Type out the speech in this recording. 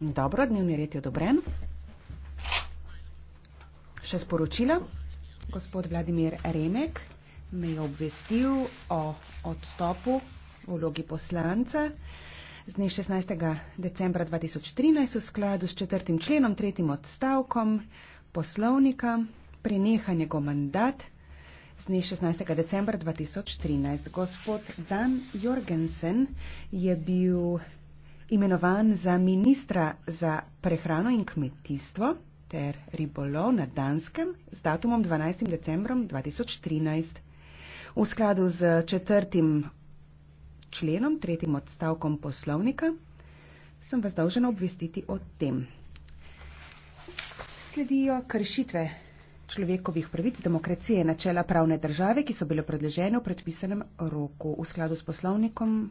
Dobro, dnevni red je odobren. Še sporočilo. Gospod Vladimir Remek me je obvestil o odstopu v vlogi poslanca z dne 16. decembra 2013 v skladu s četrtim členom, tretjim odstavkom poslovnika, preneha njegov mandat z dne 16. decembra 2013. Gospod Dan Jorgensen je bil imenovan za ministra za prehrano in kmetijstvo ter ribolov na Danskem z datumom 12. decembrom 2013. V skladu z četrtim členom, tretjim odstavkom poslovnika, sem vas dolžena obvestiti o tem. Sledijo kršitve človekovih pravic, demokracije, načela pravne države, ki so bile predležene v predpisanem roku v skladu s poslovnikom